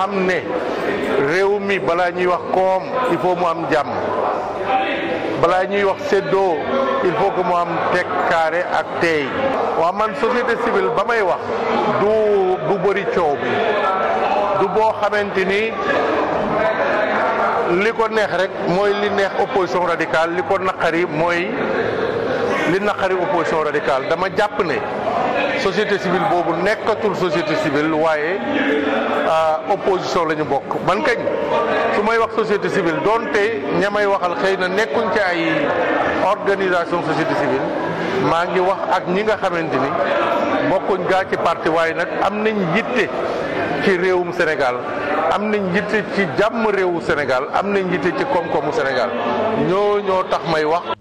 xam ne réew mi balaa ñuy wax koom il faut mu am jàmm balaa ñuy wax seddoo il faut que mu am teg kaare ak teey waa man société civile ba may wax du du bëri coow bi du boo xamante ni li ko neex rek mooy li neex opposition radicale li ko naqari mooy li naqari opposition radicale dama jàpp ne société civile boobu nekkatul société civile waaye opposition la ñu bokk man kañ su may wax société civile donte ña may waxal xëy na nekkuñ ci ay organisation société civile maa ngi wax ak ñi nga xamante ni bokkuñ gaa ci partie waaye nag am nañ yitte ci réewum Sénégal am nañ yitte ci jàmm réewu Sénégal am nañ yitte ci koom-koomu Sénégal ñoo ñoo tax may wax.